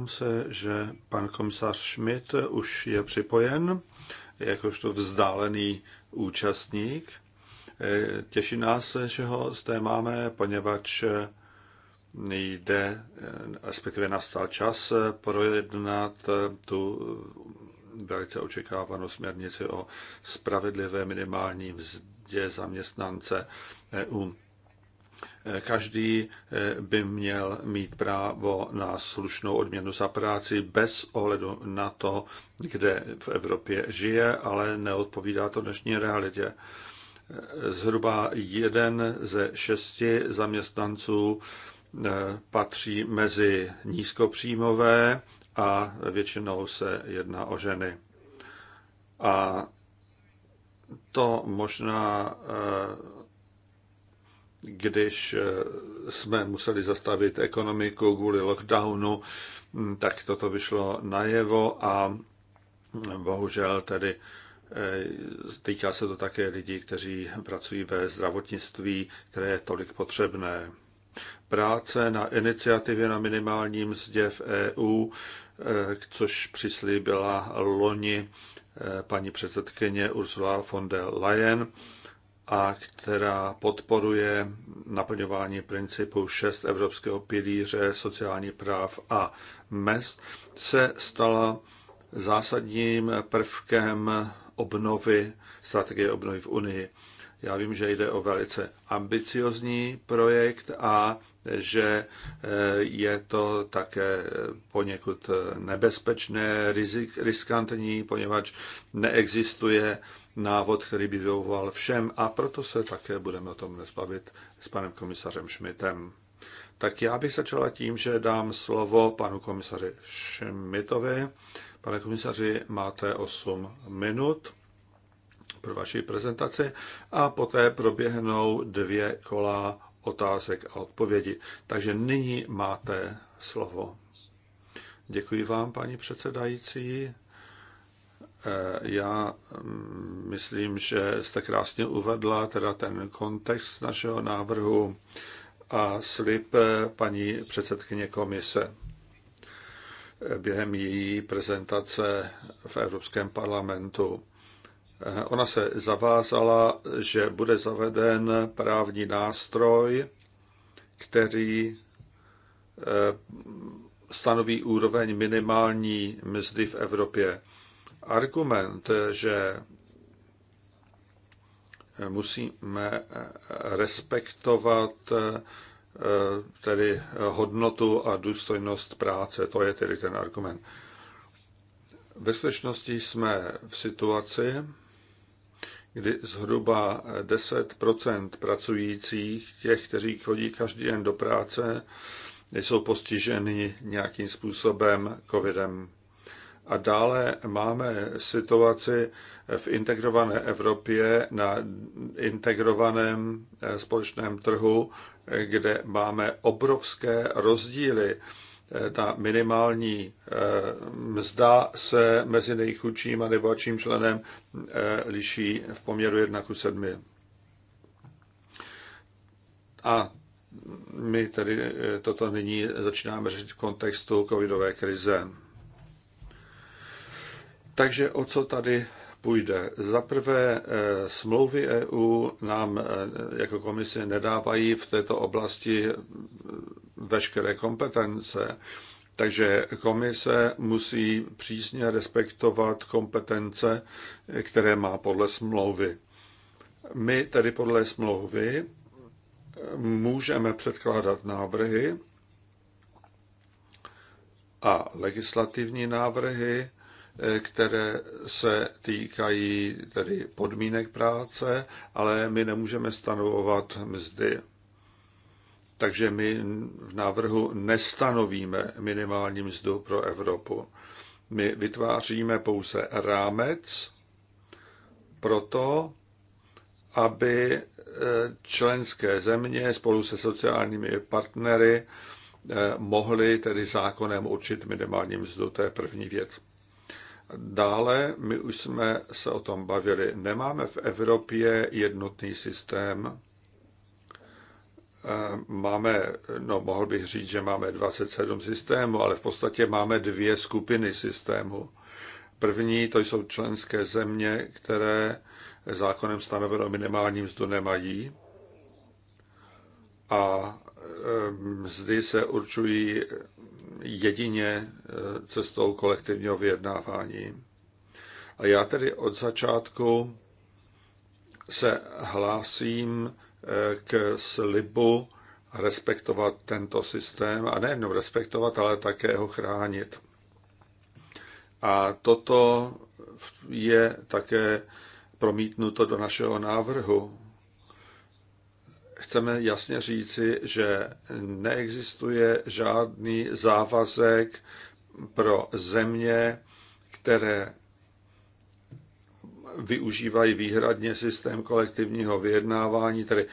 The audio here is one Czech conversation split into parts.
Domnívám se, že pan komisař Schmidt už je připojen jakožto vzdálený účastník. Těší nás, že ho zde máme, poněvadž jde, respektive nastal čas projednat tu velice očekávanou směrnici o spravedlivé minimální vzdě zaměstnance EU. Každý eh, by měl mít právo na slušnou odměnu za práci bez ohledu na to, kde v Evropě žije, ale neodpovídá to dnešní realitě. Eh, zhruba jeden ze šesti zaměstnanců eh, patří mezi nízkopříjmové a většinou se jedná o ženy. A to možná když eh, jsme museli zastavit ekonomiku kvůli lockdownu, hm, tak toto vyšlo najevo a bohužel tedy eh, týká se to také lidí, kteří pracují ve zdravotnictví, které je tolik potřebné. Práce na iniciativě na minimálním mzdě v EU, eh, což přislíbila loni paní předsedkyně Ursula von der Leyen, a která podporuje naplňování principu 6 Evropského pilíře sociálních práv a mest, se stala zásadním prvkem obnovy, strategie obnovy v Unii. Já vím, že jde o velice ambiciozní projekt a že eh, je to také poněkud nebezpečné, rizik, riskantní, poněvadž neexistuje návod, který by vyhovoval všem a proto se také budeme o tom dnes bavit s panem komisařem Šmitem. Tak já bych začala tím, že dám slovo panu komisaři Šmitovi. Pane komisaři, máte 8 minut pro vaši prezentaci a poté proběhnou dvě kola otázek a odpovědi. Takže nyní máte slovo. Děkuji vám, paní předsedající. Eh, já mm, myslím, že jste krásně uvedla teda ten kontext našeho návrhu a slib eh, paní předsedkyně komise eh, během její prezentace v Evropském parlamentu. Ona se zavázala, že bude zaveden právní nástroj, který eh, stanoví úroveň minimální mzdy v Evropě. Argument, že musíme respektovat eh, tedy hodnotu a důstojnost práce, to je tedy ten argument. Ve skutečnosti jsme v situaci, kdy zhruba 10 pracujících, těch, kteří chodí každý den do práce, jsou postiženi nějakým způsobem covidem. A dále máme situaci v integrované Evropě na integrovaném eh, společném trhu, kde máme obrovské rozdíly Eh, ta minimální eh, mzda se mezi nejchudším a nejbohatším členem eh, liší v poměru 1 k 7. A my tedy toto nyní začínáme řešit v kontextu covidové krize. Takže o co tady půjde? Za prvé, smlouvy EU nám jako komise nedávají v této oblasti veškeré kompetence. Takže komise musí přísně respektovat kompetence, které má podle smlouvy. My tedy podle smlouvy můžeme předkládat návrhy a legislativní návrhy, které se týkají tedy podmínek práce, ale my nemůžeme stanovovat mzdy. Takže my v návrhu nestanovíme minimální mzdu pro Evropu. My vytváříme pouze rámec pro to, aby eh, členské země spolu se sociálními partnery eh, mohly tedy zákonem určit minimální mzdu. To je první věc. Dále, my už jsme se o tom bavili, nemáme v Evropě jednotný systém Eh, máme, no mohl bych říct, že máme 27 systémů, ale v podstatě máme dvě skupiny systémů. První to jsou členské země, které zákonem stanovenou minimální mzdu nemají a eh, mzdy se určují jedině eh, cestou kolektivního vyjednávání. A já tedy od začátku se hlásím k slibu respektovat tento systém a nejenom respektovat, ale také ho chránit. A toto je také promítnuto do našeho návrhu. Chceme jasně říci, že neexistuje žádný závazek pro země, které využívají výhradně systém kolektivního vyjednávání, tedy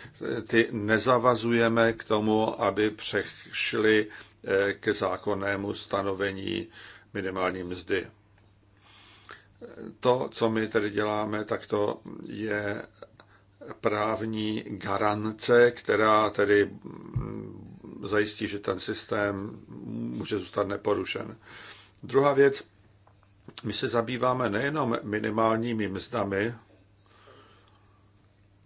ty nezavazujeme k tomu, aby přešli eh, ke zákonnému stanovení minimální mzdy. To, co my tedy děláme, tak to je právní garance, která tedy mm, zajistí, že ten systém může zůstat neporušen. Druhá věc, my se zabýváme nejenom minimálními mzdami,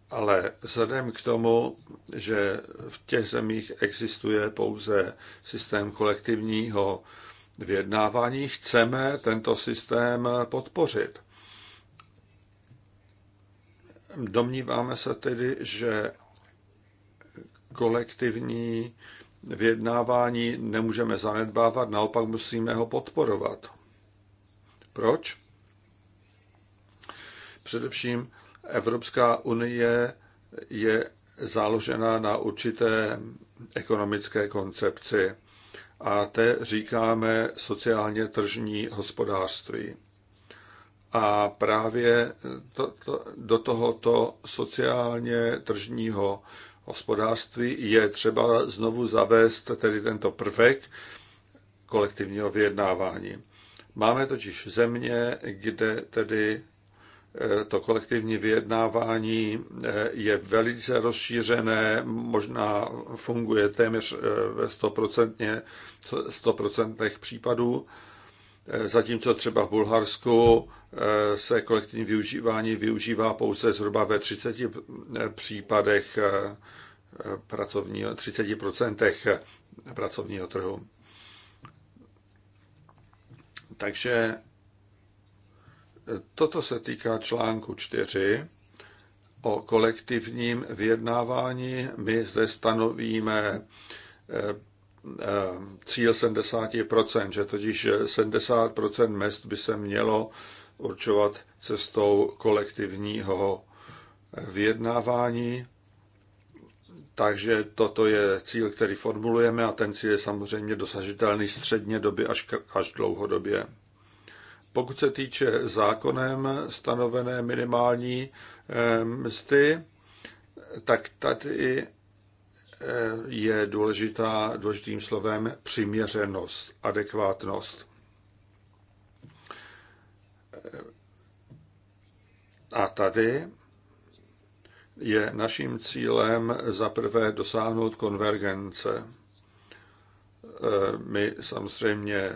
ale vzhledem k tomu, že v těch zemích existuje pouze systém kolektivního vyjednávání, chceme tento systém podpořit. Domníváme se tedy, že kolektivní vyjednávání nemůžeme zanedbávat, naopak musíme ho podporovat. Proč? Především Evropská unie je založena na určité ekonomické koncepci a té říkáme sociálně tržní hospodářství. A právě to, to, do tohoto sociálně tržního hospodářství je třeba znovu zavést tedy tento prvek kolektivního vyjednávání. Máme totiž země, kde tedy eh, to kolektivní vyjednávání eh, je velice rozšířené, možná funguje téměř eh, ve 100%, 100% případů, zatímco třeba v Bulharsku se kolektivní využívání využívá pouze zhruba ve 30 případech pracovního, 30% pracovního trhu. Takže eh, toto se týká článku 4 o kolektivním vyjednávání. My zde stanovíme eh, eh, cíl 70%, že totiž 70% mest by se mělo určovat cestou kolektivního vyjednávání takže toto je cíl, který formulujeme a ten cíl je samozřejmě dosažitelný středně doby až, až dlouhodobě. Pokud se týče zákonem stanovené minimální eh, mzdy, tak tady eh, je důležitá, důležitým slovem přiměřenost, adekvátnost. Eh, a tady je naším cílem zaprvé dosáhnout konvergence. Eh, my samozřejmě eh,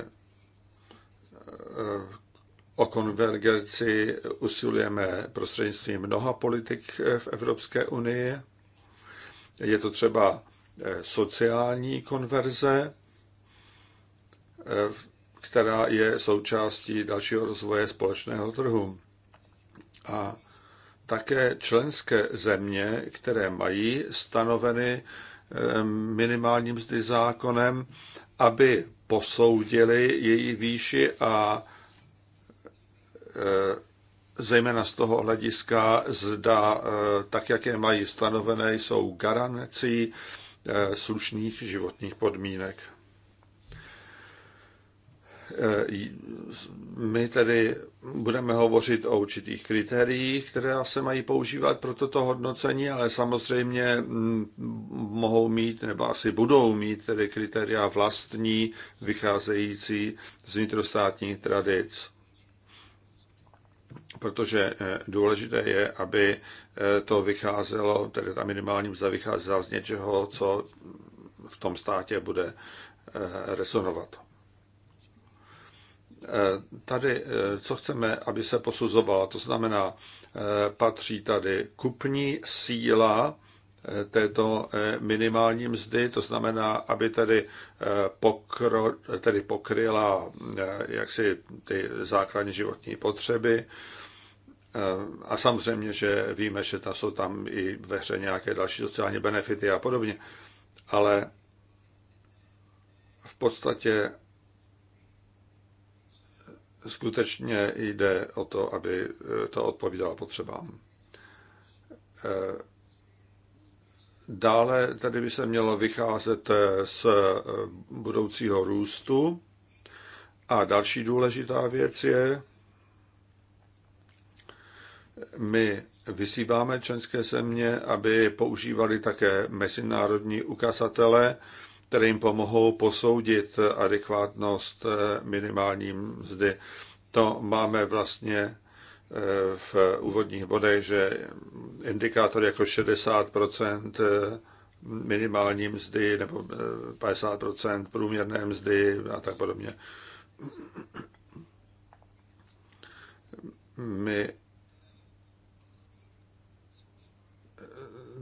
o konvergenci usilujeme prostřednictvím mnoha politik eh, v Evropské unii. Je to třeba sociální konverze, která je součástí dalšího rozvoje společného trhu. A také členské země, které mají stanoveny eh, minimální mzdy zákonem, aby posoudili její výši a eh, zejména z toho hlediska, zda eh, tak, jak je mají stanovené, jsou garancí slušných životních podmínek. Eh, my tedy budeme hovořit o určitých kritériích, které se mají používat pro toto hodnocení, ale samozřejmě mm, mohou mít, nebo asi budou mít tedy kritéria vlastní, vycházející z vnitrostátních tradic. Protože eh, důležité je, aby eh, to vycházelo, tedy ta minimální mzda vycházela z něčeho, co v tom státě bude resonovat. Eh, tady, eh, co chceme, aby se posuzovala, to znamená, eh, patří tady kupní síla této minimální mzdy, to znamená, aby tedy, pokro, tedy pokryla jaksi ty základní životní potřeby. A samozřejmě, že víme, že tam jsou tam i ve hře nějaké další sociální benefity a podobně. Ale v podstatě skutečně jde o to, aby eh, to odpovídalo potřebám. Eh, dále tady by se mělo vycházet eh, z budoucího růstu. A další důležitá věc je, my vysíváme členské země, aby používali také mezinárodní ukazatele, které jim pomohou posoudit adekvátnost eh, minimální mzdy. To máme vlastně eh, v úvodních bodech, že indikátor jako 60 eh, minimální mzdy nebo 50 průměrné mzdy a tak podobně. My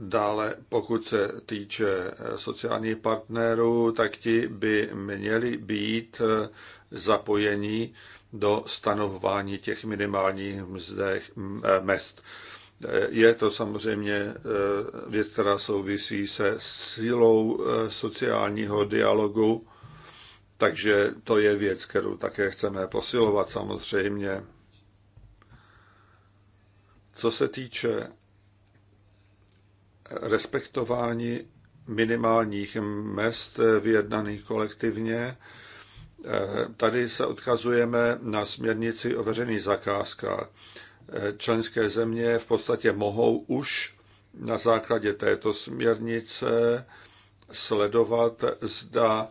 Dále, pokud se týče eh, sociálních partnerů, tak ti by měli být eh, zapojení do stanovování těch minimálních mzdech, eh, mest. Je to samozřejmě věc, která souvisí se sílou sociálního dialogu, takže to je věc, kterou také chceme posilovat samozřejmě. Co se týče respektování minimálních mest vyjednaných kolektivně. Tady se odkazujeme na směrnici o veřejných zakázkách. Členské země v podstatě mohou už na základě této směrnice sledovat, zda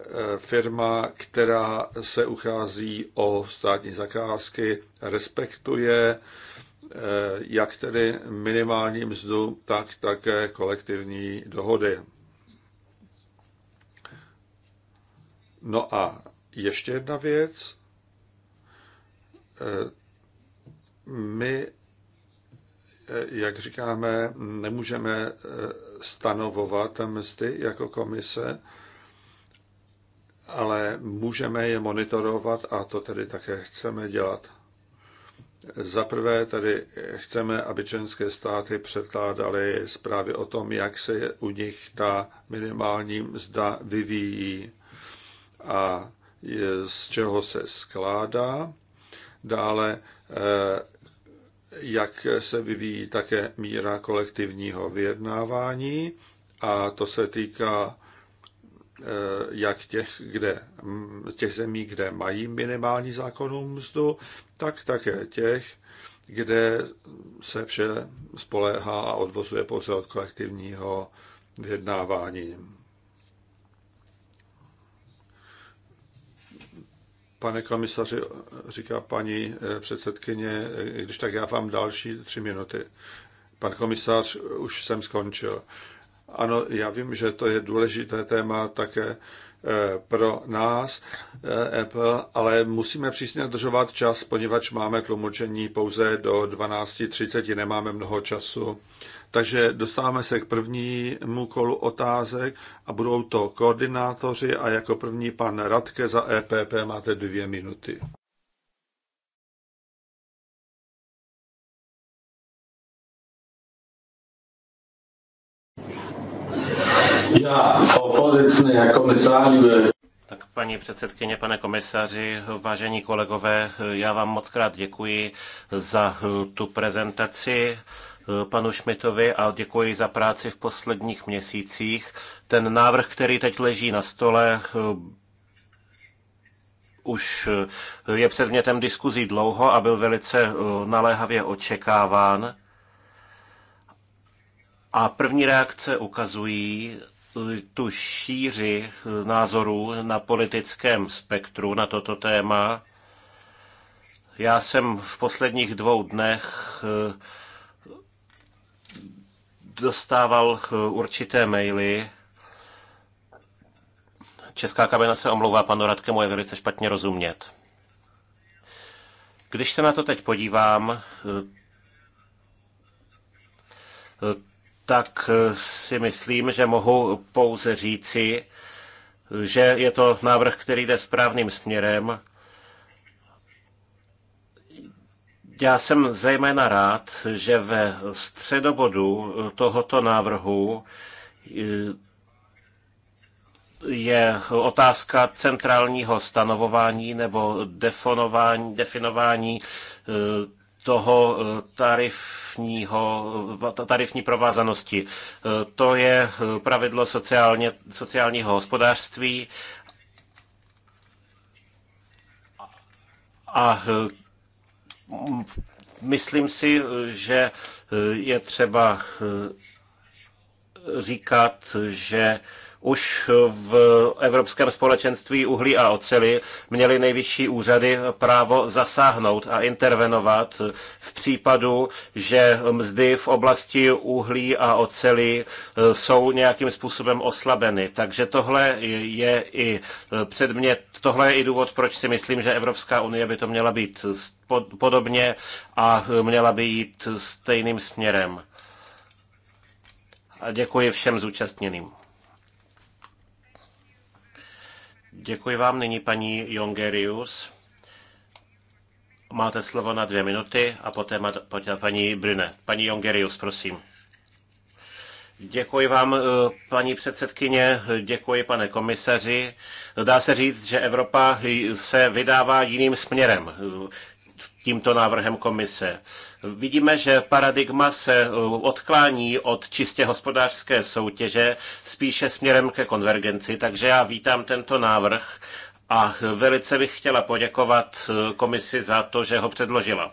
eh, firma, která se uchází o státní zakázky, respektuje Eh, jak tedy minimální mzdu, tak také kolektivní dohody. No a ještě jedna věc. Eh, my, eh, jak říkáme, nemůžeme stanovovat mzdy jako komise, ale můžeme je monitorovat a to tedy také chceme dělat. Za prvé tady chceme, aby členské státy předkládaly zprávy o tom, jak se u nich ta minimální mzda vyvíjí a z čeho se skládá. Dále, eh, jak se vyvíjí také míra kolektivního vyjednávání a to se týká Eh, jak těch, kde, mm, těch zemí, kde mají minimální zákonnou mzdu, tak také těch, kde se vše spoléhá a odvozuje pouze od kolektivního vyjednávání. Pane komisaři, říká paní eh, předsedkyně, eh, když tak já vám další tři minuty. Pan komisař, už jsem skončil. Ano, já vím, že to je důležité téma také eh, pro nás, eh, Apple, ale musíme přísně dodržovat čas, poněvadž máme tlumočení pouze do 12.30, nemáme mnoho času. Takže dostáváme se k prvnímu kolu otázek a budou to koordinátoři a jako první pan Radke za EPP máte dvě minuty. Já, jako komisáři, tak paní předsedkyně, pane komisaři, vážení kolegové, já vám moc krát děkuji za eh, tu prezentaci eh, panu Šmitovi a děkuji za práci v posledních měsících. Ten návrh, který teď leží na stole, eh, už je předmětem diskuzí dlouho a byl velice naléhavě očekáván. A první reakce ukazují, tu šíři eh, názorů na politickém spektru na toto téma. Já jsem v posledních dvou dnech eh, dostával eh, určité maily. Česká kabina se omlouvá panu Radkemu, je velice špatně rozumět. Když se na to teď podívám, tak eh, si myslím, že mohu pouze říci, že je to návrh, který jde správným směrem. Já jsem zejména rád, že ve středobodu tohoto návrhu eh, je otázka centrálního stanovování nebo definování eh, toho eh, tarifního, tarifní provázanosti. Eh, to je eh, pravidlo sociálně, sociálního hospodářství a myslím si, že je třeba říkat, že už v Evropském společenství uhlí a oceli měly nejvyšší úřady právo zasáhnout a intervenovat v případu, že mzdy v oblasti uhlí a oceli e, jsou nějakým způsobem oslabeny. Takže tohle je i předmět, tohle je i důvod, proč si myslím, že Evropská unie by to měla být podobně a měla by jít stejným směrem. A děkuji všem zúčastněným. Děkuji vám. Nyní paní Jongerius. Máte slovo na dvě minuty a poté má, paní Brune. Paní Jongerius, prosím. Děkuji vám, eh, paní předsedkyně, děkuji, pane komisaři. Dá se říct, že Evropa se vydává jiným směrem tímto návrhem komise. Vidíme, že paradigma se eh, odklání od čistě hospodářské soutěže spíše směrem ke konvergenci, takže já vítám tento návrh a velice bych chtěla poděkovat eh, komisi za to, že ho předložila.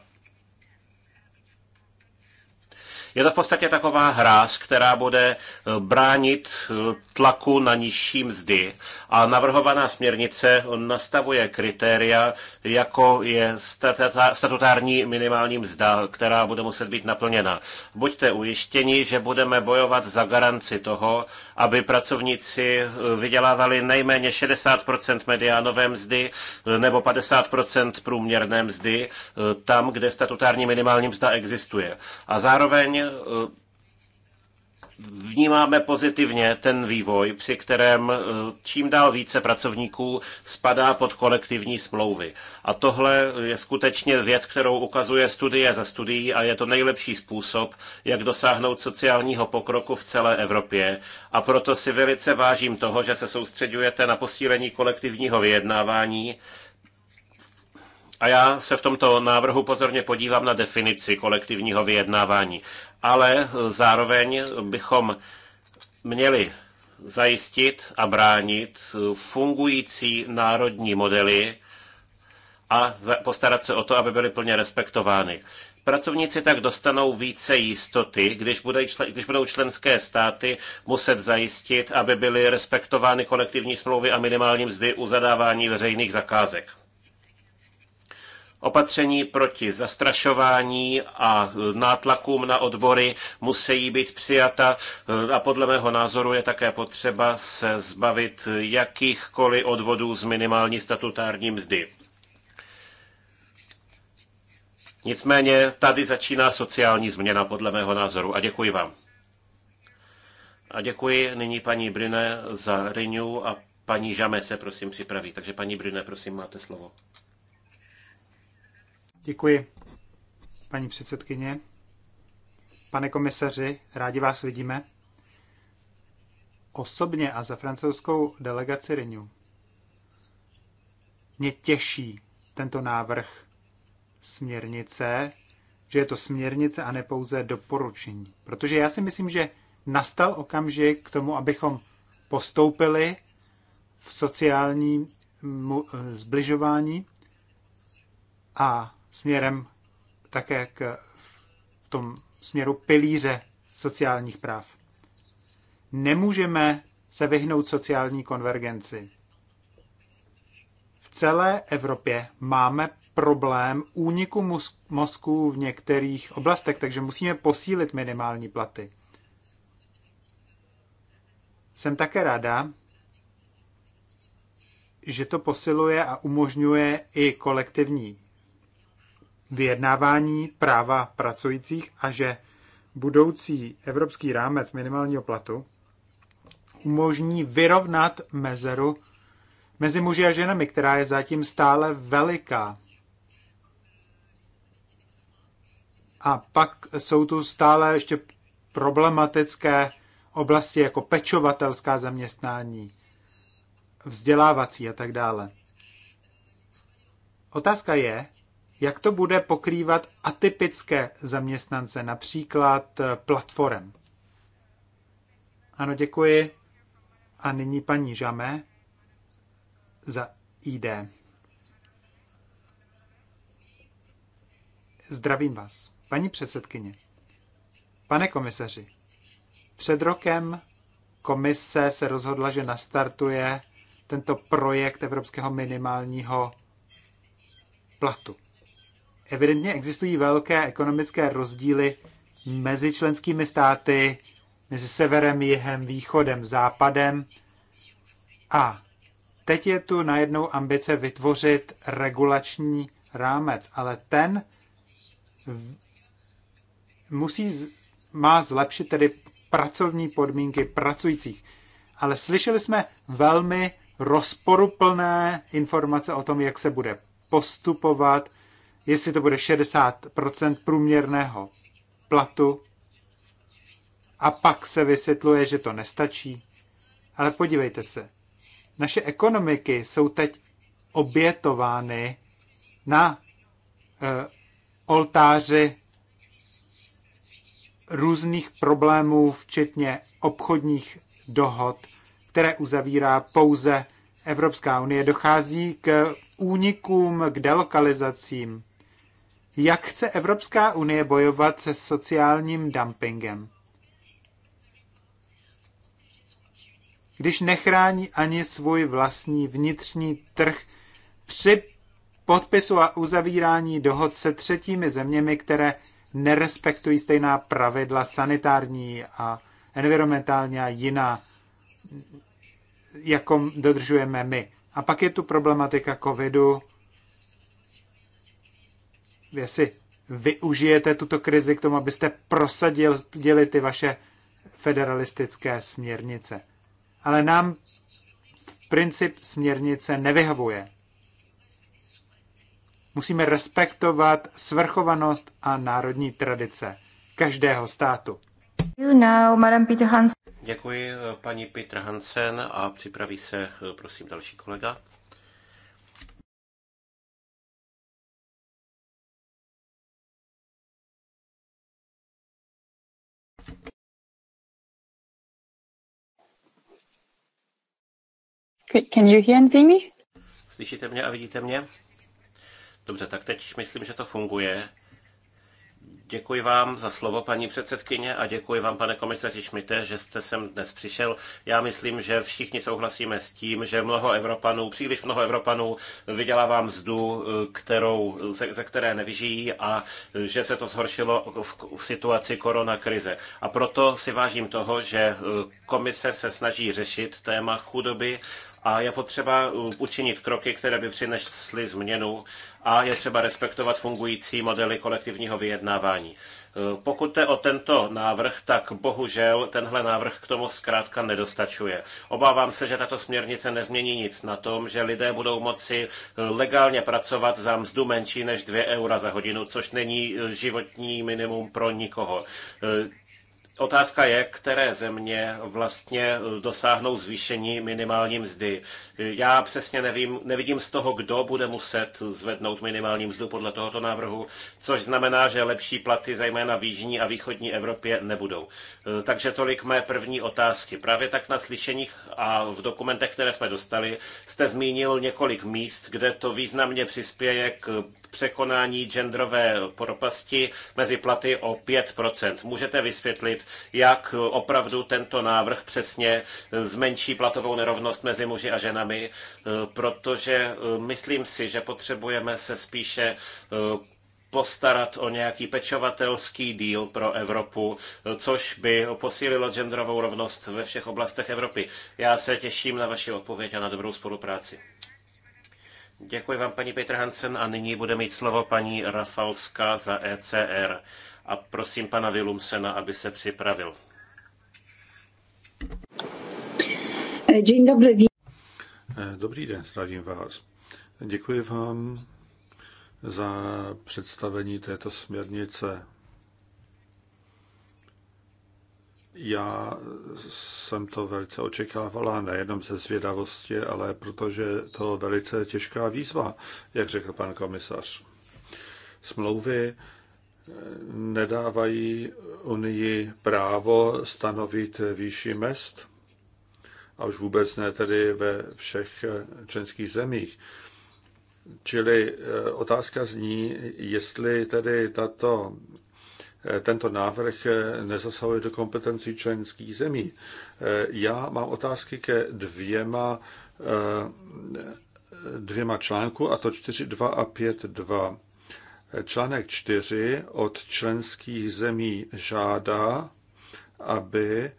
Je to v podstatě taková hráz, která bude e, bránit e, tlaku na nižší mzdy a navrhovaná směrnice nastavuje kritéria, jako je statutární minimální mzda, která bude muset být naplněna. Buďte ujištěni, že budeme bojovat za garanci toho, aby pracovníci eh, vydělávali nejméně 60% mediánové mzdy eh, nebo 50% průměrné mzdy eh, tam, kde statutární minimální mzda existuje. A zároveň vnímáme pozitivně ten vývoj, při kterém eh, čím dál více pracovníků spadá pod kolektivní smlouvy. A tohle je skutečně věc, kterou ukazuje studie za studií a je to nejlepší způsob, jak dosáhnout sociálního pokroku v celé Evropě. A proto si velice vážím toho, že se soustředujete na posílení kolektivního vyjednávání a já se v tomto návrhu pozorně podívám na definici kolektivního vyjednávání. Ale e, zároveň bychom měli zajistit a bránit e, fungující národní modely a postarat se o to, aby byly plně respektovány. Pracovníci tak dostanou více jistoty, když, bude, když budou členské státy muset zajistit, aby byly respektovány kolektivní smlouvy a minimální mzdy u zadávání veřejných zakázek. Opatření proti zastrašování a nátlakům na odbory musí být přijata a podle mého názoru je také potřeba se zbavit jakýchkoliv odvodů z minimální statutární mzdy. Nicméně tady začíná sociální změna podle mého názoru a děkuji vám. A děkuji nyní paní Brine za Renew a paní Žame se prosím připraví. Takže paní Brine, prosím, máte slovo. Děkuji, paní předsedkyně. Pane komisaři, rádi vás vidíme. Osobně a za francouzskou delegaci Renew mě těší tento návrh směrnice, že je to směrnice a ne pouze doporučení. Protože já si myslím, že nastal okamžik k tomu, abychom postoupili v sociálním mm, e, zbližování a směrem také k v tom směru pilíře sociálních práv. Nemůžeme se vyhnout sociální konvergenci. V celé Evropě máme problém úniku mozků v některých oblastech, takže musíme posílit minimální platy. Jsem také ráda, že to posiluje a umožňuje i kolektivní vyjednávání práva pracujících a že budoucí evropský rámec minimálního platu umožní vyrovnat mezeru mezi muži a ženami, která je zatím stále veliká. A pak jsou tu stále ještě problematické oblasti jako pečovatelská zaměstnání, vzdělávací a tak dále. Otázka je, jak to bude pokrývat atypické zaměstnance, například eh, platform. Ano, děkuji. A nyní paní Žame za ID. Zdravím vás, paní předsedkyně. Pane komisaři, před rokem komise se rozhodla, že nastartuje tento projekt evropského minimálního platu evidentně existují velké ekonomické rozdíly mezi členskými státy, mezi severem, jihem, východem, západem. A teď je tu najednou ambice vytvořit regulační rámec, ale ten musí, má zlepšit tedy pracovní podmínky pracujících. Ale slyšeli jsme velmi rozporuplné informace o tom, jak se bude postupovat, jestli to bude 60% průměrného platu a pak se vysvětluje, že to nestačí. Ale podívejte se, naše ekonomiky jsou teď obětovány na e, oltáři různých problémů, včetně obchodních dohod, které uzavírá pouze Evropská unie. Dochází k únikům, k delokalizacím jak chce Evropská unie bojovat se sociálním dumpingem? Když nechrání ani svůj vlastní vnitřní trh při podpisu a uzavírání dohod se třetími zeměmi, které nerespektují stejná pravidla sanitární a environmentální a jiná, jako dodržujeme my. A pak je tu problematika covidu, jestli využijete tuto krizi k tomu, abyste prosadili ty vaše federalistické směrnice. Ale nám v princip směrnice nevyhovuje. Musíme respektovat svrchovanost a národní tradice každého státu. Děkuji paní Petr Hansen a připraví se, prosím, další kolega. Can you hear and see me? Slyšíte mě a vidíte mě? Dobře, tak teď myslím, že to funguje. Děkuji vám za slovo, paní předsedkyně, a děkuji vám, pane komisaři Šmite, že jste sem dnes přišel. Já myslím, že všichni souhlasíme s tím, že mnoho Evropanů, příliš mnoho Evropanů vydělává mzdu, kterou, ze, ze které nevyžijí a že se to zhoršilo v, v situaci koronakrize. A proto si vážím toho, že komise se snaží řešit téma chudoby a je potřeba uh, učinit kroky, které by přinesly změnu a je třeba respektovat fungující modely kolektivního vyjednávání. Uh, pokud jde o tento návrh, tak bohužel tenhle návrh k tomu zkrátka nedostačuje. Obávám se, že tato směrnice nezmění nic na tom, že lidé budou moci uh, legálně pracovat za mzdu menší než 2 eura za hodinu, což není životní minimum pro nikoho. Otázka je, které země vlastně eh, dosáhnou zvýšení minimální mzdy. Já přesně nevím, nevidím z toho, kdo bude muset zvednout minimální mzdu podle tohoto návrhu, což znamená, že lepší platy zejména v jižní a východní Evropě nebudou. Eh, takže tolik mé první otázky. Právě tak na slyšeních a v dokumentech, které jsme dostali, jste zmínil několik míst, kde to významně přispěje k překonání genderové propasti mezi platy o 5%. Můžete vysvětlit, jak opravdu tento návrh přesně zmenší platovou nerovnost mezi muži a ženami, protože eh, myslím si, že potřebujeme se spíše eh, postarat o nějaký pečovatelský díl pro Evropu, eh, což by posílilo genderovou rovnost ve všech oblastech Evropy. Já se těším na vaši odpověď a na dobrou spolupráci. Děkuji vám, paní Petr Hansen, a nyní bude mít slovo paní Rafalská za ECR. A prosím pana Vilumsena, aby se připravil. Dzień dobry. Dobrý den, zdravím vás. Děkuji vám za představení této směrnice. Já jsem to velice očekávala, nejenom ze zvědavosti, ale protože to velice těžká výzva, jak řekl pan komisař. Smlouvy eh, nedávají Unii právo stanovit výši mest, a už vůbec ne tedy ve všech eh, členských zemích. Čili eh, otázka zní, jestli tedy tato tento návrh nezasahuje do kompetencí členských zemí. Já mám otázky ke dvěma, eh, dvěma článku, a to 4.2 a 5.2. Článek 4 od členských zemí žádá, aby eh,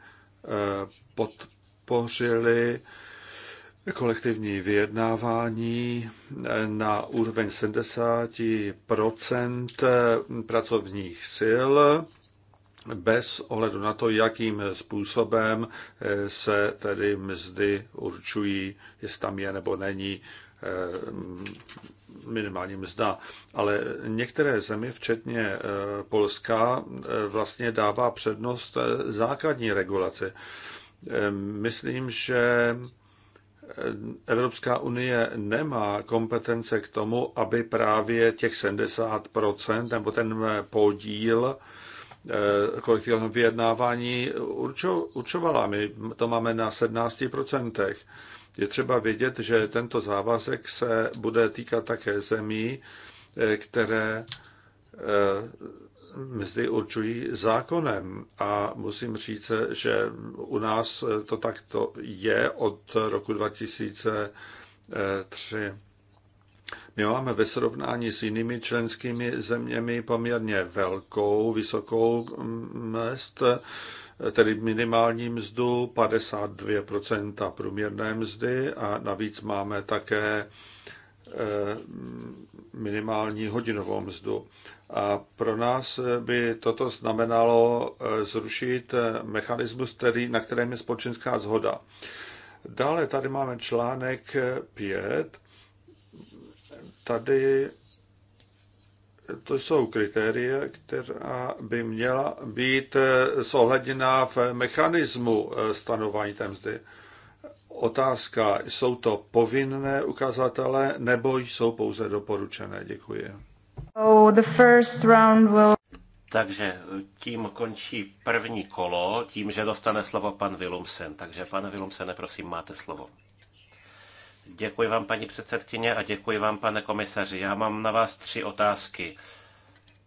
podpořili kolektivní vyjednávání na úroveň 70 pracovních sil bez ohledu na to, jakým způsobem se tedy mzdy určují, jestli tam je nebo není eh, minimální mzda. Ale některé země, včetně eh, Polska, eh, vlastně dává přednost základní regulaci. Myslím, že Evropská unie nemá kompetence k tomu, aby právě těch 70% nebo ten podíl eh, kolektivního vyjednávání určovala. My to máme na 17%. Je třeba vědět, že tento závazek se bude týkat také zemí, eh, které eh, mzdy určují zákonem a musím říct, že u nás to takto je od roku 2003. My máme ve srovnání s jinými členskými zeměmi poměrně velkou, vysokou mest, tedy minimální mzdu 52% průměrné mzdy a navíc máme také eh, minimální hodinovou mzdu. A pro nás by toto znamenalo eh, zrušit eh, mechanismus, který, na kterém je společenská zhoda. Dále tady máme článek 5. Eh, tady to jsou kritéria, která by měla být zohledněna v mechanismu stanování té mzdy. Otázka, jsou to povinné ukazatele nebo jsou pouze doporučené? Děkuji. Takže tím končí první kolo, tím, že dostane slovo pan Vilumsen. Takže pane Vilumsen, prosím, máte slovo. Děkuji vám, paní předsedkyně, a děkuji vám, pane komisaři. Já mám na vás tři otázky.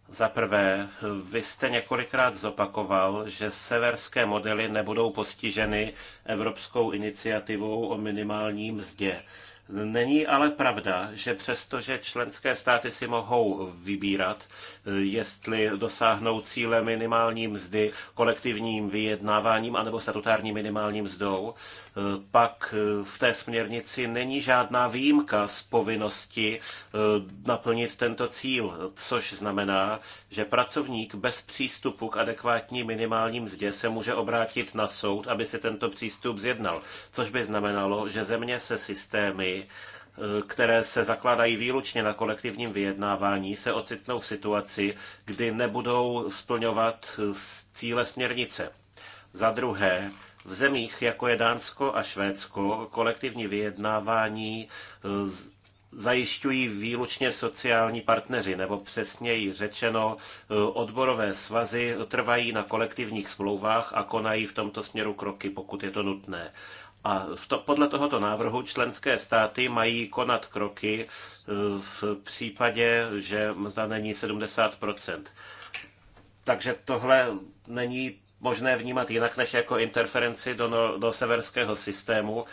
Za prvé, vy jste několikrát zopakoval, že severské modely nebudou postiženy evropskou iniciativou o minimální mzdě. Není ale pravda, že přestože členské státy si mohou vybírat, eh, jestli dosáhnou cíle minimální mzdy kolektivním vyjednáváním anebo statutární minimální mzdou, eh, pak eh, v té směrnici není žádná výjimka z povinnosti naplnit tento cíl, což znamená, že pracovník bez přístupu k adekvátní minimální mzdě se může obrátit na soud, aby se tento přístup zjednal, což by znamenalo, že země se systémy Eh, které se zakládají výlučně na kolektivním vyjednávání, se ocitnou v situaci, kdy nebudou splňovat eh, cíle směrnice. Za druhé, v zemích, jako je Dánsko a Švédsko, kolektivní vyjednávání eh, zajišťují výlučně sociální partneři, nebo přesněji řečeno, odborové svazy trvají na kolektivních smlouvách a konají v tomto směru kroky, pokud je to nutné. A to, podle tohoto návrhu členské státy mají konat kroky e, v případě, že mzda není 70 Takže tohle není možné vnímat jinak než jako interferenci do, no, do severského systému, e,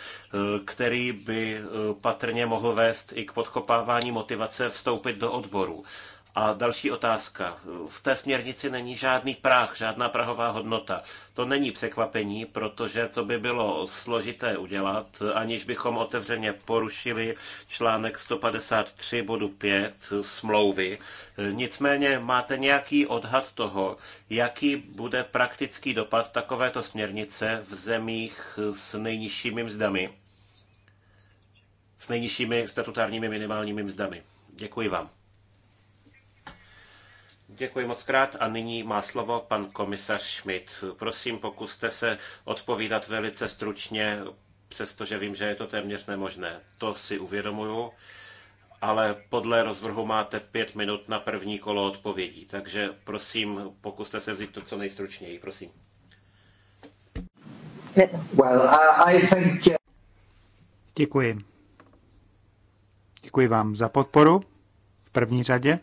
který by e, patrně mohl vést i k podkopávání motivace vstoupit do odboru. A další otázka. V té směrnici není žádný práh, žádná prahová hodnota. To není překvapení, protože to by bylo složité udělat, aniž bychom otevřeně porušili článek 153 bodu 5 smlouvy. Nicméně máte nějaký odhad toho, jaký bude praktický dopad takovéto směrnice v zemích s nejnižšími mzdami? S nejnižšími statutárními minimálními mzdami. Děkuji vám. Děkuji moc krát a nyní má slovo pan komisař Schmidt. Prosím, pokuste se odpovídat velice stručně, přestože vím, že je to téměř nemožné. To si uvědomuju, ale podle rozvrhu máte pět minut na první kolo odpovědí, takže prosím, pokuste se vzít to co nejstručněji, prosím. Děkuji. Děkuji vám za podporu v první řadě.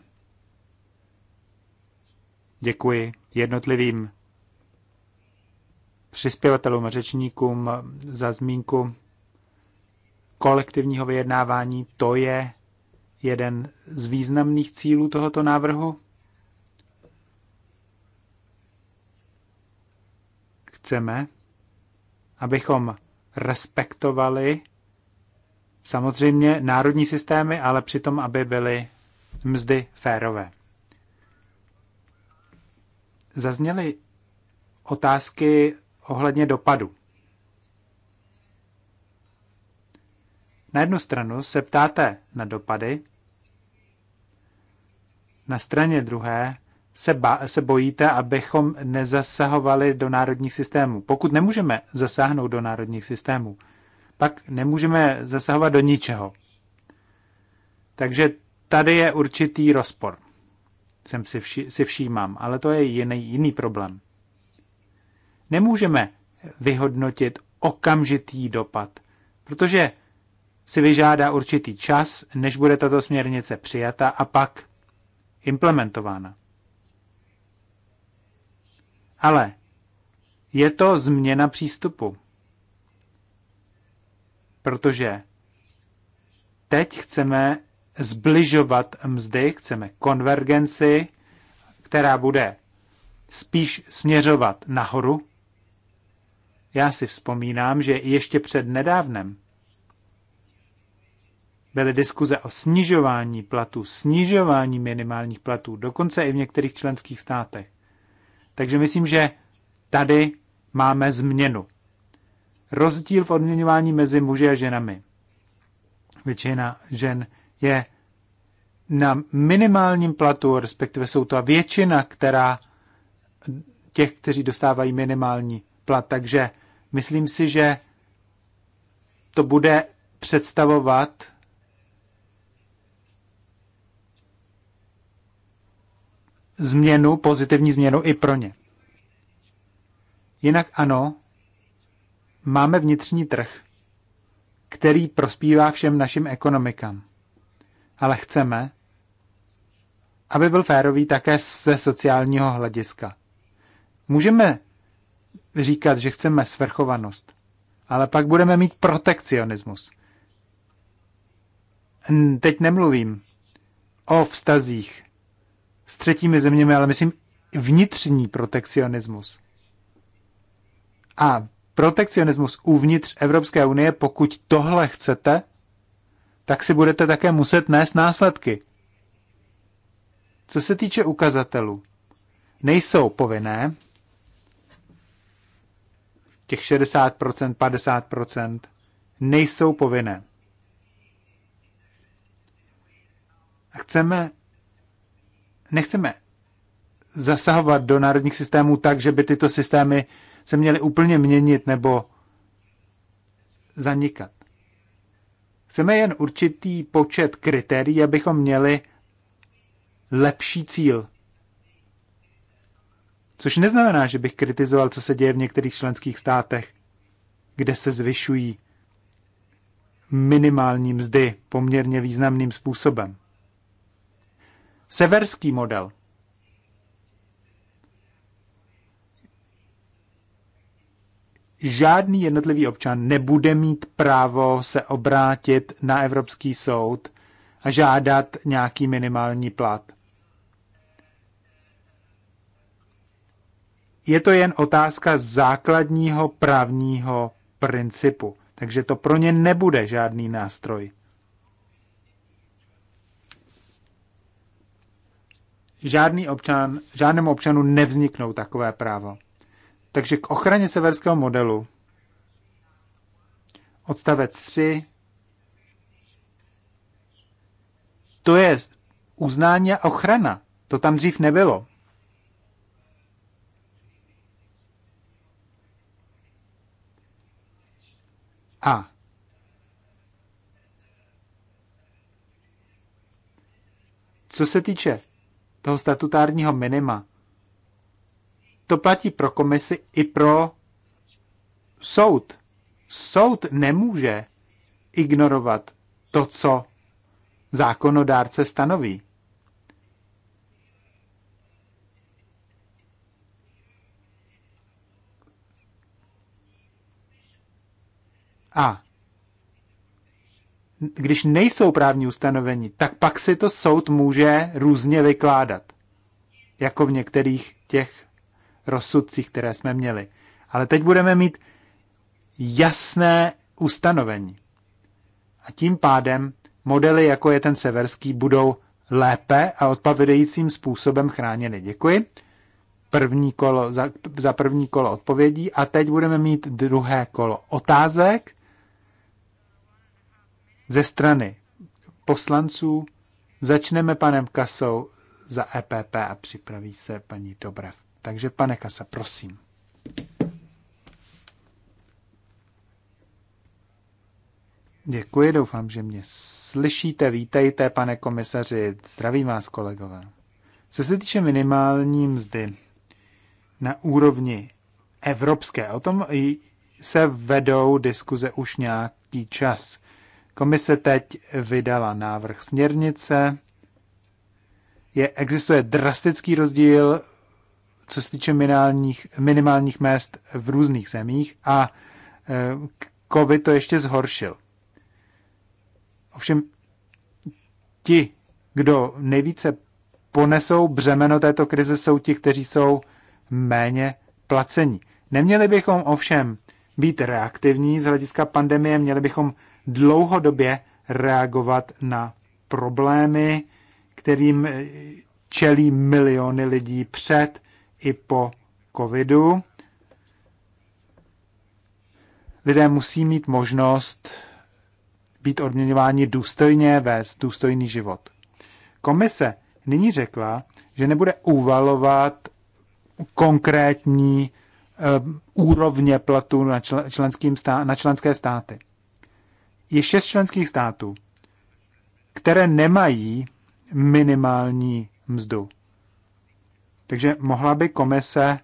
Děkuji jednotlivým přispěvatelům a řečníkům za zmínku kolektivního vyjednávání. To je jeden z významných cílů tohoto návrhu. Chceme, abychom respektovali samozřejmě národní systémy, ale přitom, aby byly mzdy férové. Zazněly otázky ohledně dopadu. Na jednu stranu se ptáte na dopady, na straně druhé se, ba- se bojíte, abychom nezasahovali do národních systémů. Pokud nemůžeme zasáhnout do národních systémů, pak nemůžeme zasahovat do ničeho. Takže tady je určitý rozpor jsem si, vši, si všímám, ale to je jiný, jiný problém. Nemůžeme vyhodnotit okamžitý dopad, protože si vyžádá určitý čas, než bude tato směrnice přijata a pak implementována. Ale je to změna přístupu. Protože teď chceme zbližovat mzdy, chceme konvergenci, která bude spíš směřovat nahoru. Já si vzpomínám, že ještě před nedávnem byly diskuze o snižování platů, snižování minimálních platů, dokonce i v některých členských státech. Takže myslím, že tady máme změnu. Rozdíl v odměňování mezi muži a ženami. Většina žen je na minimálním platu, respektive jsou to většina, která těch, kteří dostávají minimální plat. Takže myslím si, že to bude představovat změnu, pozitivní změnu i pro ně. Jinak ano, máme vnitřní trh, který prospívá všem našim ekonomikám ale chceme, aby byl férový také ze sociálního hlediska. Můžeme říkat, že chceme svrchovanost, ale pak budeme mít protekcionismus. Teď nemluvím o vztazích s třetími zeměmi, ale myslím vnitřní protekcionismus. A protekcionismus uvnitř Evropské unie, pokud tohle chcete, tak si budete také muset nést následky. Co se týče ukazatelů, nejsou povinné, těch 60%, 50% nejsou povinné. Chceme, nechceme zasahovat do národních systémů tak, že by tyto systémy se měly úplně měnit nebo zanikat. Chceme jen určitý počet kritérií, abychom měli lepší cíl. Což neznamená, že bych kritizoval, co se děje v některých členských státech, kde se zvyšují minimální mzdy poměrně významným způsobem. Severský model – žádný jednotlivý občan nebude mít právo se obrátit na Evropský soud a žádat nějaký minimální plat. Je to jen otázka základního právního principu, takže to pro ně nebude žádný nástroj. Žádný občan, žádnému občanu nevzniknou takové právo. Takže k ochraně severského modelu. Odstavec 3. To je uznání a ochrana. To tam dřív nebylo. A co se týče toho statutárního minima, to platí pro komisi i pro soud. Soud nemůže ignorovat to, co zákonodárce stanoví. A když nejsou právní ustanovení, tak pak si to soud může různě vykládat. Jako v některých těch rozsudcích, které jsme měli. Ale teď budeme mít jasné ustanovení. A tím pádem modely, jako je ten severský, budou lépe a odpovědejícím způsobem chráněny. Děkuji. První kolo, za, za první kolo odpovědí a teď budeme mít druhé kolo otázek ze strany poslanců. Začneme panem Kasou za EPP a připraví se paní Dobrev. Takže pane Kasa, prosím. Děkuji, doufám, že mě slyšíte. Vítejte, pane komisaři. Zdravím vás, kolegové. Co se týče minimální mzdy na úrovni evropské, o tom se vedou diskuze už nějaký čas. Komise teď vydala návrh směrnice. Je, existuje drastický rozdíl co se týče minimálních, minimálních mest v různých zemích a e, COVID to ještě zhoršil. Ovšem ti, kdo nejvíce ponesou břemeno této krize, jsou ti, kteří jsou méně placení. Neměli bychom ovšem být reaktivní z hlediska pandemie, měli bychom dlouhodobě reagovat na problémy, kterým e, čelí miliony lidí před i po covidu. Lidé musí mít možnost být odměňováni důstojně, vést důstojný život. Komise nyní řekla, že nebude uvalovat konkrétní eh, úrovně platů na, členským stá- na členské státy. Je šest členských států, které nemají minimální mzdu. Takže mohla by komise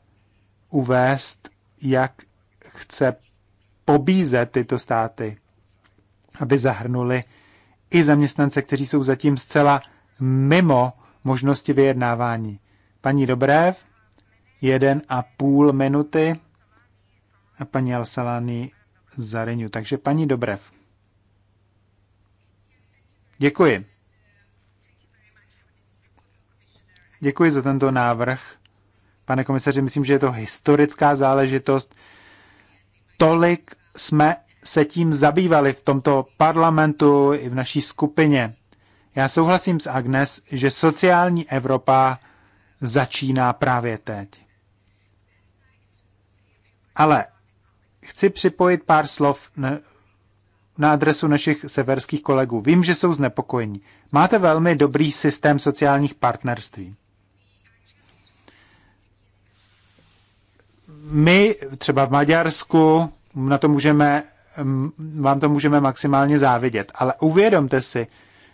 uvést, jak chce pobízet tyto státy, aby zahrnuli i zaměstnance, kteří jsou zatím zcela mimo možnosti vyjednávání. Paní Dobrév, jeden a půl minuty a paní Alsalány Zareňu. Takže paní Dobrev. Děkuji. Děkuji za tento návrh. Pane komisaři, myslím, že je to historická záležitost. Tolik jsme se tím zabývali v tomto parlamentu i v naší skupině. Já souhlasím s Agnes, že sociální Evropa začíná právě teď. Ale chci připojit pár slov na adresu našich severských kolegů. Vím, že jsou znepokojení. Máte velmi dobrý systém sociálních partnerství. my třeba v Maďarsku na to můžeme, vám to můžeme maximálně závidět, ale uvědomte si,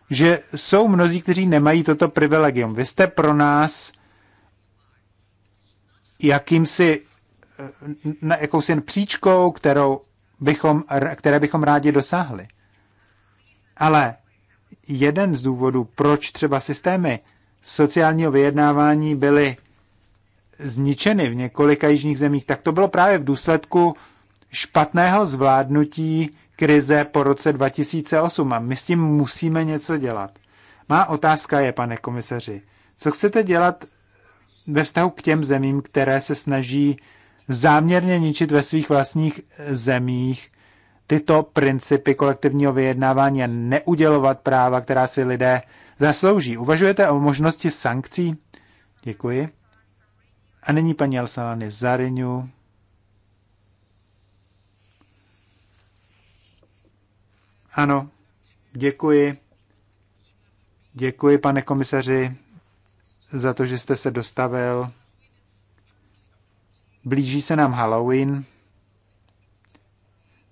že jsou mnozí, kteří nemají toto privilegium. Vy jste pro nás jakýmsi e, na jakousi příčkou, kterou bychom, které bychom rádi dosáhli. Ale jeden z důvodů, proč třeba systémy sociálního vyjednávání byly zničeny v několika jižních zemích, tak to bylo právě v důsledku špatného zvládnutí krize po roce 2008 a my s tím musíme něco dělat. Má otázka je, pane komisaři, co chcete dělat ve vztahu k těm zemím, které se snaží záměrně ničit ve svých vlastních zemích tyto principy kolektivního vyjednávání a neudělovat práva, která si lidé zaslouží. Uvažujete o možnosti sankcí? Děkuji. A nyní paní Alsalany Zariňu. Ano, děkuji. Děkuji, pane komisaři, za to, že jste se dostavil. Blíží se nám Halloween.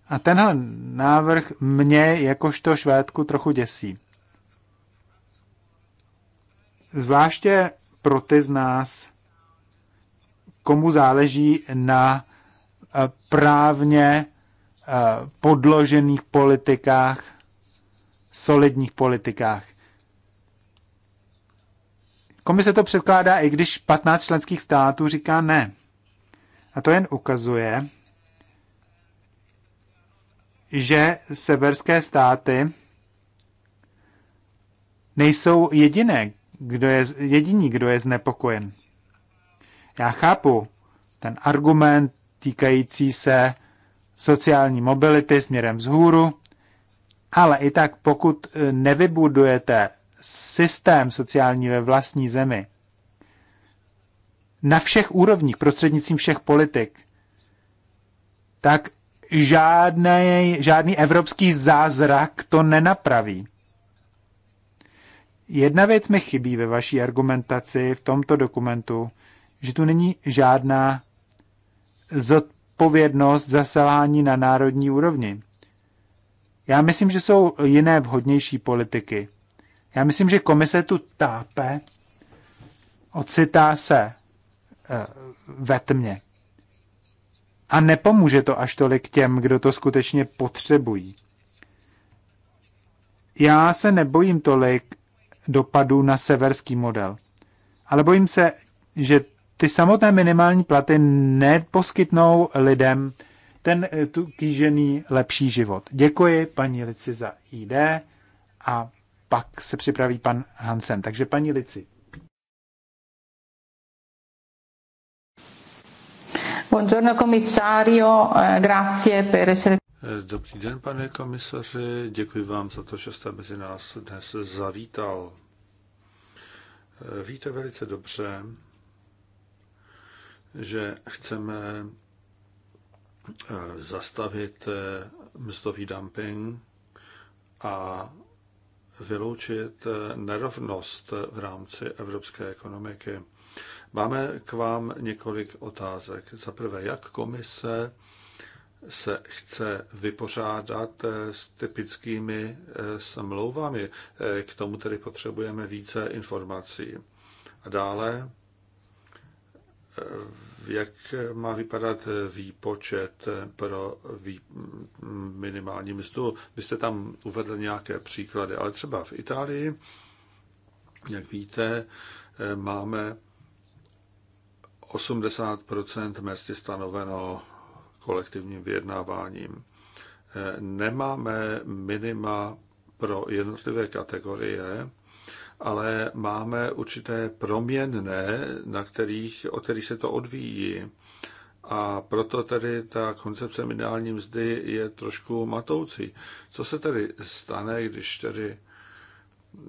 A tenhle návrh mě, jakožto Švédku, trochu děsí. Zvláště pro ty z nás, komu záleží na eh, právně eh, podložených politikách, solidních politikách. Komise to předkládá, i když 15 členských států říká ne. A to jen ukazuje, že severské státy nejsou jediné, kdo je, jediní, kdo je znepokojen. Já chápu ten argument týkající se sociální mobility směrem vzhůru, ale i tak, pokud e, nevybudujete systém sociální ve vlastní zemi, na všech úrovních, prostřednictvím všech politik, tak žádný, žádný evropský zázrak to nenapraví. Jedna věc mi chybí ve vaší argumentaci v tomto dokumentu, že tu není žádná zodpovědnost za selhání na národní úrovni. Já myslím, že jsou jiné vhodnější politiky. Já myslím, že komise tu tápe, ocitá se e, ve tmě. A nepomůže to až tolik těm, kdo to skutečně potřebují. Já se nebojím tolik dopadů na severský model, ale bojím se, že ty samotné minimální platy neposkytnou lidem ten eh, tu kýžený lepší život. Děkuji paní Lici za ID a pak se připraví pan Hansen. Takže paní Lici. Buongiorno commissario, eh, grazie per essere... Eh, dobrý den, pane komisaři, děkuji vám za to, že jste mezi nás dnes zavítal. Víte velice dobře, že chceme eh, zastavit eh, mzdový dumping a vyloučit eh, nerovnost v rámci evropské ekonomiky. Máme k vám několik otázek. Za prvé, jak komise se chce vypořádat s typickými smlouvami. K tomu tedy potřebujeme více informací. A dále, jak má vypadat výpočet pro vý, minimální mzdu. Vy jste tam uvedl nějaké příklady, ale třeba v Itálii, jak víte, máme 80 mesti stanoveno kolektivním vyjednáváním. Nemáme minima pro jednotlivé kategorie, ale máme určité proměnné, na kterých, o kterých se to odvíjí. A proto tedy ta koncepce minimální mzdy je trošku matoucí. Co se tedy stane, když tedy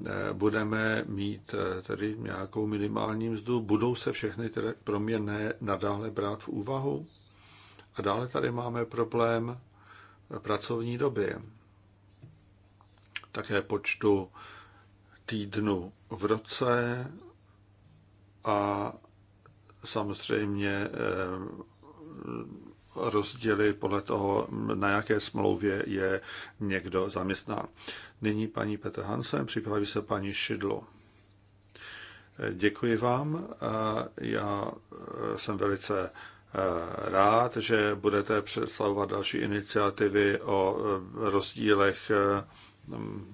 eh, budeme mít eh, tedy nějakou minimální mzdu, budou se všechny ty proměnné nadále brát v úvahu. A dále tady máme problém pracovní doby, také počtu týdnu v roce a samozřejmě eh, rozdíly podle toho, na jaké smlouvě je někdo zaměstnán. Nyní paní Petr Hansen, připraví se paní Šidlo. Eh, děkuji vám. Já eh, jsem velice rád, že budete představovat další iniciativy o rozdílech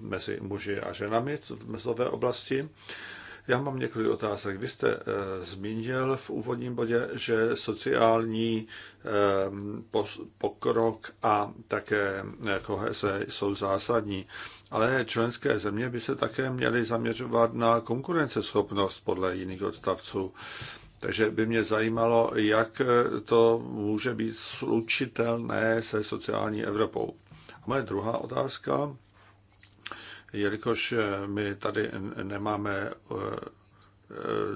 mezi muži a ženami v mezové oblasti. Já mám několik otázek. Vy jste eh, zmínil v úvodním bodě, že sociální eh, pokrok a také eh, koheze jsou zásadní, ale členské země by se také měly zaměřovat na konkurenceschopnost podle jiných odstavců. Takže by mě zajímalo, jak to může být slučitelné se sociální Evropou. A moje druhá otázka jelikož eh, my tady nemáme eh,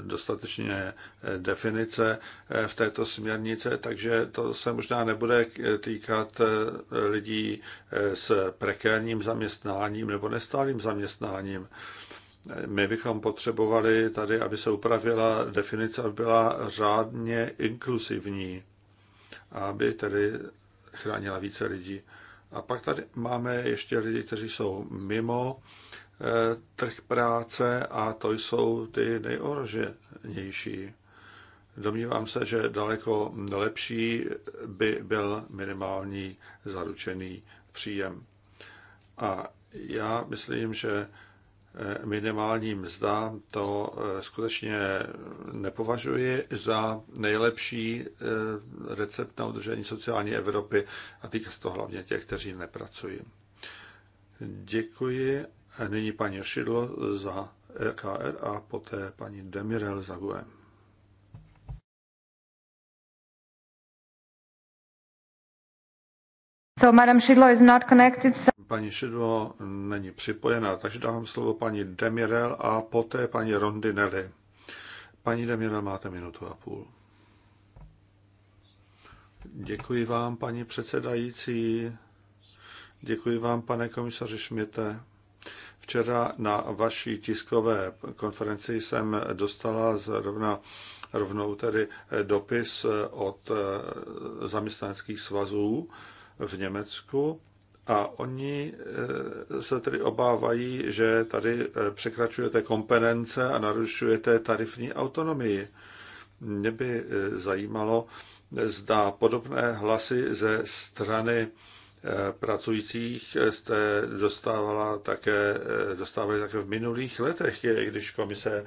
dostatečně eh, definice v této směrnice, takže to se možná nebude týkat lidí s prekérním zaměstnáním nebo nestálým zaměstnáním. My bychom potřebovali tady, aby se upravila definice, aby byla řádně inkluzivní, aby tedy chránila více lidí. A pak tady máme ještě lidi, kteří jsou mimo eh, trh práce a to jsou ty nejohroženější. Domnívám se, že daleko lepší by byl minimální zaručený příjem. A já myslím, že minimální mzda, to eh, skutečně nepovažuji za nejlepší eh, recept na udržení sociální Evropy a týká se to hlavně těch, kteří nepracují. Děkuji. Nyní paní Šidlo za EKR a poté paní Demirel za GUEM. So Madam Šidlo is not connected. So... Paní Šidlo není připojená, takže dávám slovo paní Demirel a poté paní Rondinelli. Paní Demirel, máte minutu a půl. Děkuji vám, paní předsedající. Děkuji vám, pane komisaři Šměte. Včera na vaší tiskové konferenci jsem dostala zrovna rovnou tedy dopis od eh, zaměstnaneckých svazů, v Německu a oni eh, se tedy obávají, že tady eh, překračujete kompetence a narušujete tarifní autonomii. Mě by eh, zajímalo, zda podobné hlasy ze strany pracujících jste dostávala také, dostávali také v minulých letech, když komise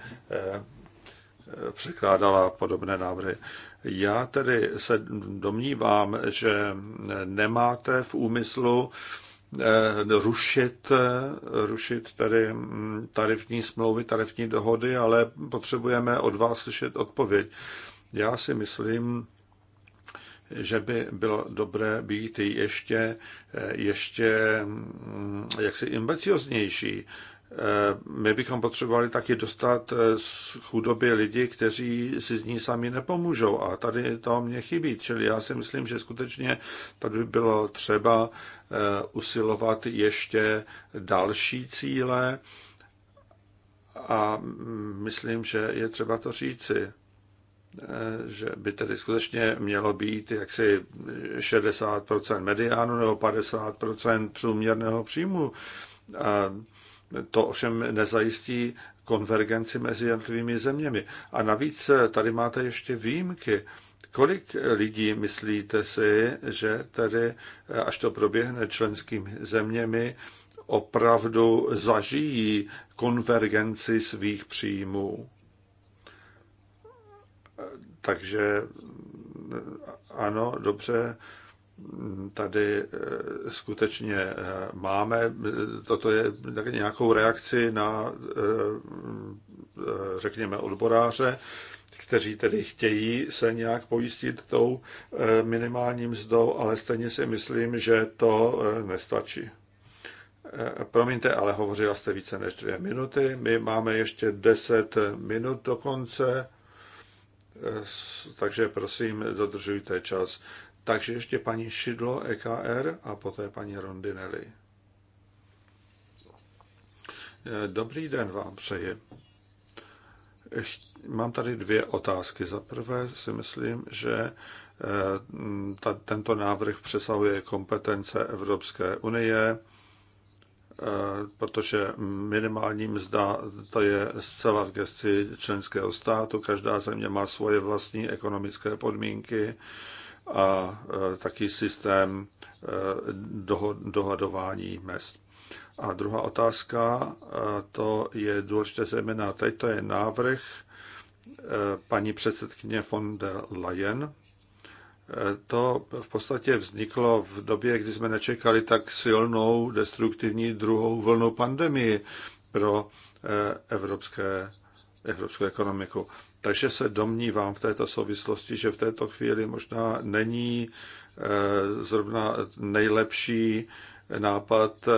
překládala podobné návrhy. Já tedy se domnívám, že nemáte v úmyslu eh, rušit, eh, rušit tady hm, tarifní smlouvy, tarifní dohody, ale potřebujeme od vás slyšet odpověď. Já si myslím, že by bylo dobré být ještě, eh, ještě hm, jaksi imbecioznější. Eh, my bychom potřebovali taky dostat eh, z chudoby lidi, kteří si z ní sami nepomůžou. A tady to mě chybí. Čili já si myslím, že skutečně tady by bylo třeba eh, usilovat ještě další cíle a myslím, že je třeba to říci že by tedy skutečně mělo být jaksi 60% mediánu nebo 50% průměrného příjmu. A to ovšem nezajistí konvergenci mezi jednotlivými zeměmi. A navíc tady máte ještě výjimky. Kolik lidí myslíte si, že tedy, až to proběhne členskými zeměmi, opravdu zažijí konvergenci svých příjmů? Takže ano, dobře, tady eh, skutečně eh, máme. Eh, toto je nějakou reakci na, řekněme, odboráře, kteří tedy chtějí se nějak pojistit tou minimální mzdou, ale stejně si myslím, že to nestačí. Promiňte, ale hovořila jste více než dvě minuty. My máme ještě deset minut do konce takže prosím, dodržujte čas. Takže ještě paní Šidlo, EKR a poté paní Rondinelli. Eh, dobrý den vám přeji. Mám tady dvě otázky. Za prvé si myslím, že eh, tento návrh přesahuje kompetence Evropské unie, eh, protože minimální mzda to je zcela v gesti členského státu. Každá země má svoje vlastní ekonomické podmínky a e, taky systém e, dohadování mest. A druhá otázka, e, to je důležité zejména Tady to je návrh paní předsedkyně von der Leyen. To v podstatě vzniklo v době, kdy jsme nečekali tak silnou destruktivní druhou vlnu pandemii pro evropské, evropskou ekonomiku. Takže se domnívám v této souvislosti, že v této chvíli možná není eh, zrovna nejlepší nápad eh,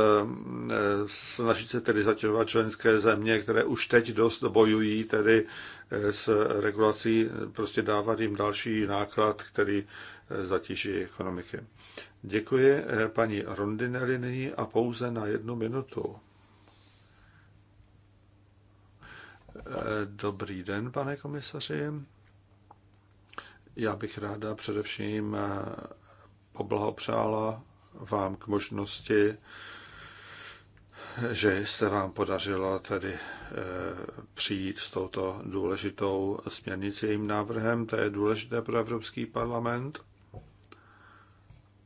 snažit se tedy zatěžovat členské země, které už teď dost bojují tedy eh, s regulací, prostě dávat jim další náklad, který zatíží ekonomiky. Děkuji paní Rondinelli nyní a pouze na jednu minutu. Dobrý den, pane komisaři. Já bych ráda především eh, poblahopřála vám k možnosti, že jste vám podařilo tedy eh, přijít s touto důležitou směrnicím návrhem. To je důležité pro Evropský parlament.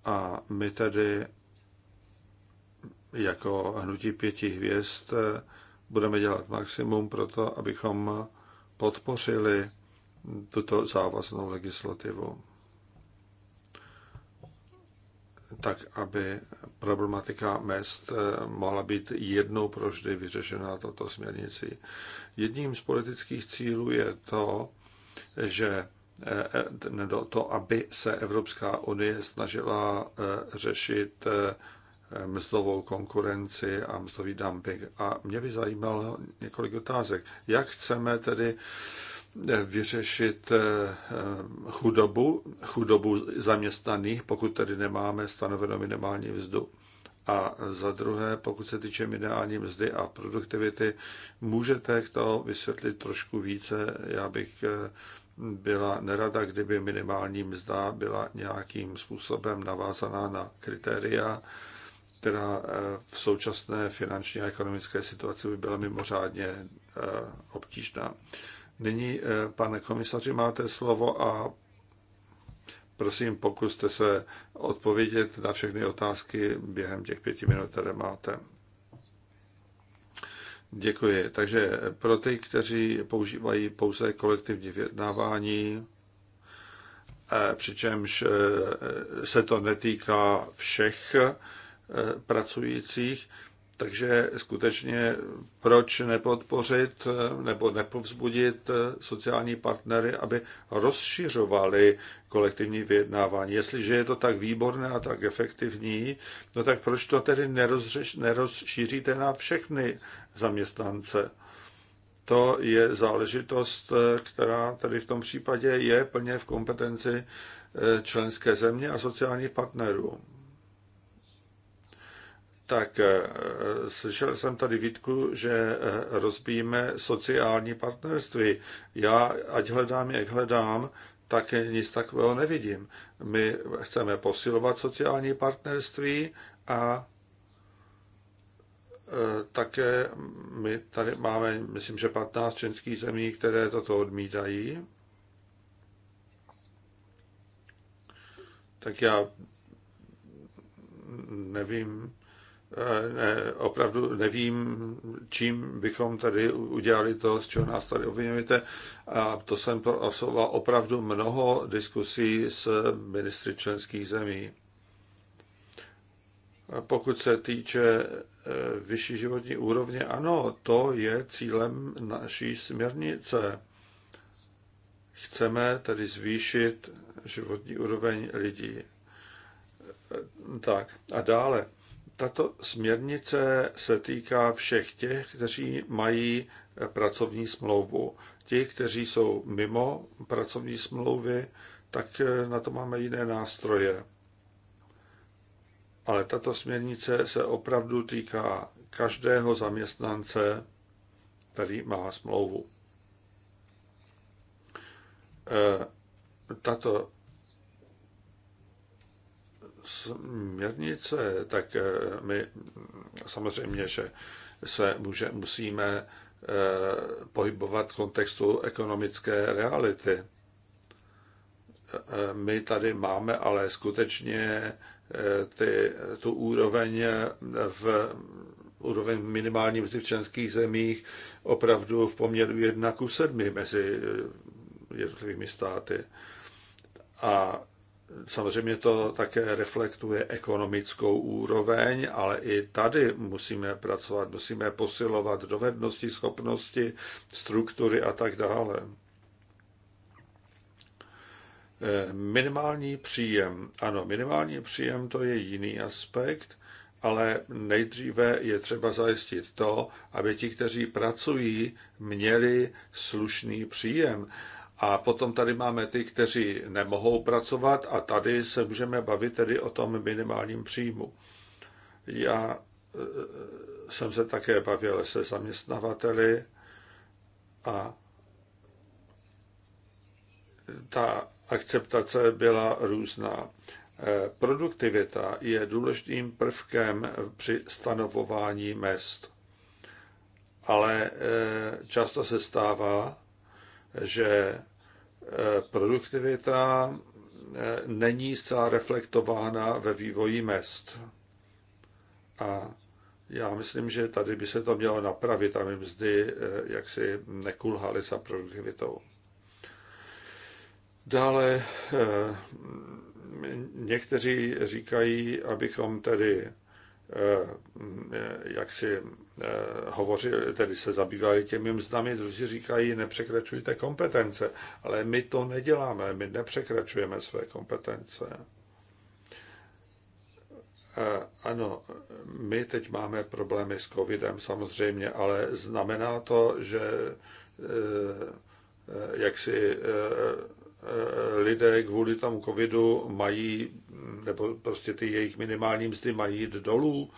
A my tedy jako hnutí pěti hvězd eh, budeme dělat maximum pro to, abychom podpořili tuto závaznou legislativu tak, aby problematika mest eh, mohla být jednou proždy vyřešena toto směrnicí. Jedním z politických cílů je to, že eh, eh, to, aby se Evropská unie snažila řešit mzdovou konkurenci a mzdový dumping. A mě by zajímalo několik otázek. Jak chceme tedy eh, vyřešit eh, eh, chudobu, chudobu zaměstnaných, pokud tedy nemáme stanovenou minimální mzdu? A za druhé, pokud se týče minimální mzdy a produktivity, můžete to vysvětlit trošku více? Já bych byla nerada, kdyby minimální mzda byla nějakým způsobem navázaná na kritéria která eh, v současné finanční a ekonomické situaci by byla mimořádně eh, obtížná. Nyní, eh, pane komisaři, máte slovo a prosím, pokuste se odpovědět na všechny otázky během těch pěti minut, které máte. Děkuji. Takže pro ty, kteří používají pouze kolektivní vyjednávání, přičemž se to netýká všech Eh, pracujících, takže skutečně proč nepodpořit eh, nebo nepovzbudit eh, sociální partnery, aby rozšiřovali kolektivní vyjednávání. Jestliže je to tak výborné a tak efektivní, no tak proč to tedy nerozřeš, nerozšíříte na všechny zaměstnance? To je záležitost, která tady v tom případě je plně v kompetenci členské země a sociálních partnerů. Tak eh, eh, slyšel jsem tady výtku, že eh, rozbíjíme sociální partnerství. Já, ať hledám, jak hledám, tak nic takového nevidím. My chceme posilovat sociální partnerství a také my tady máme, myslím, že 15 členských zemí, které toto odmítají. Tak já nevím, Eh, ne, opravdu nevím, čím bychom tady udělali to, z čeho nás tady obvinujete. A to jsem absolvoval opravdu mnoho diskusí s ministry členských zemí. Pokud se týče eh, vyšší životní úrovně, ano, to je cílem naší směrnice. Chceme tedy zvýšit životní úroveň lidí. Eh, tak a dále tato směrnice se týká všech těch, kteří mají pracovní smlouvu. Ti, kteří jsou mimo pracovní smlouvy, tak eh, na to máme jiné nástroje. Ale tato směrnice se opravdu týká každého zaměstnance, který má smlouvu. Eh, tato směrnice, tak eh, my samozřejmě, že se může, musíme eh, pohybovat v kontextu ekonomické reality. Eh, my tady máme ale skutečně ty, tu úroveň v úroveň minimální mzdy v členských zemích opravdu v poměru 1 ku 7 mezi jednotlivými státy. A Samozřejmě to také reflektuje ekonomickou úroveň, ale i tady musíme pracovat, musíme posilovat dovednosti, schopnosti, struktury a tak dále. Minimální příjem. Ano, minimální příjem to je jiný aspekt, ale nejdříve je třeba zajistit to, aby ti, kteří pracují, měli slušný příjem a potom tady máme ty, kteří nemohou pracovat a tady se můžeme bavit tedy o tom minimálním příjmu. Já e, e, jsem se také bavil se zaměstnavateli a ta akceptace byla různá. E, produktivita je důležitým prvkem při stanovování mest, ale často se stává, že produktivita eh, není zcela reflektována ve vývoji mest. A já myslím, že tady by se to mělo napravit, aby mzdy eh, jaksi nekulhaly za produktivitou. Dále eh, někteří říkají, abychom tedy Eh, mm, jak si eh, hovoří, tedy se zabývají těmi mzdami, druzí říkají, nepřekračujte kompetence, ale my to neděláme, my nepřekračujeme své kompetence. Eh, ano, my teď máme problémy s covidem samozřejmě, ale znamená to, že jak si lidé kvůli tomu covidu mají nebo prostě ty jejich minimální mzdy mají jít dolů.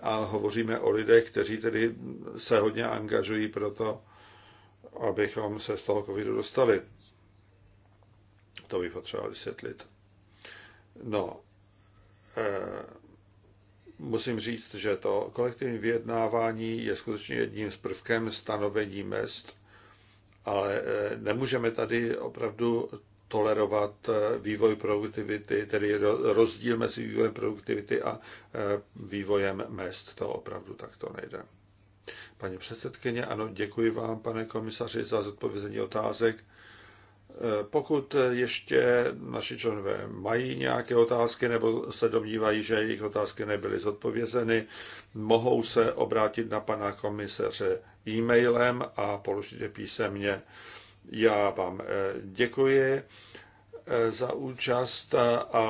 A hovoříme o lidech, kteří tedy se hodně angažují pro to, abychom se z toho covidu dostali. To bych potřeboval vysvětlit. No, eh, musím říct, že to kolektivní vyjednávání je skutečně jedním z prvkem stanovení mest, ale eh, nemůžeme tady opravdu tolerovat eh, vývoj produktivity, tedy rozdíl mezi vývojem produktivity a eh, vývojem mest. To opravdu takto nejde. Paní předsedkyně, ano, děkuji vám, pane komisaři, za zodpovězení otázek. Eh, pokud ještě naši členové mají nějaké otázky nebo se domnívají, že jejich otázky nebyly zodpovězeny, mohou se obrátit na pana komisaře e-mailem a položit je písemně. Já vám eh, děkuji eh, za účast a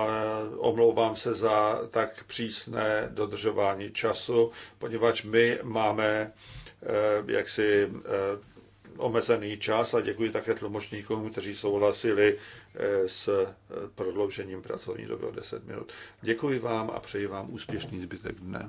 omlouvám se za tak přísné dodržování času, poněvadž my máme eh, jaksi omezený čas a děkuji také tlumočníkům, kteří souhlasili s prodloužením pracovní doby o 10 minut. Děkuji vám a přeji vám úspěšný zbytek dne.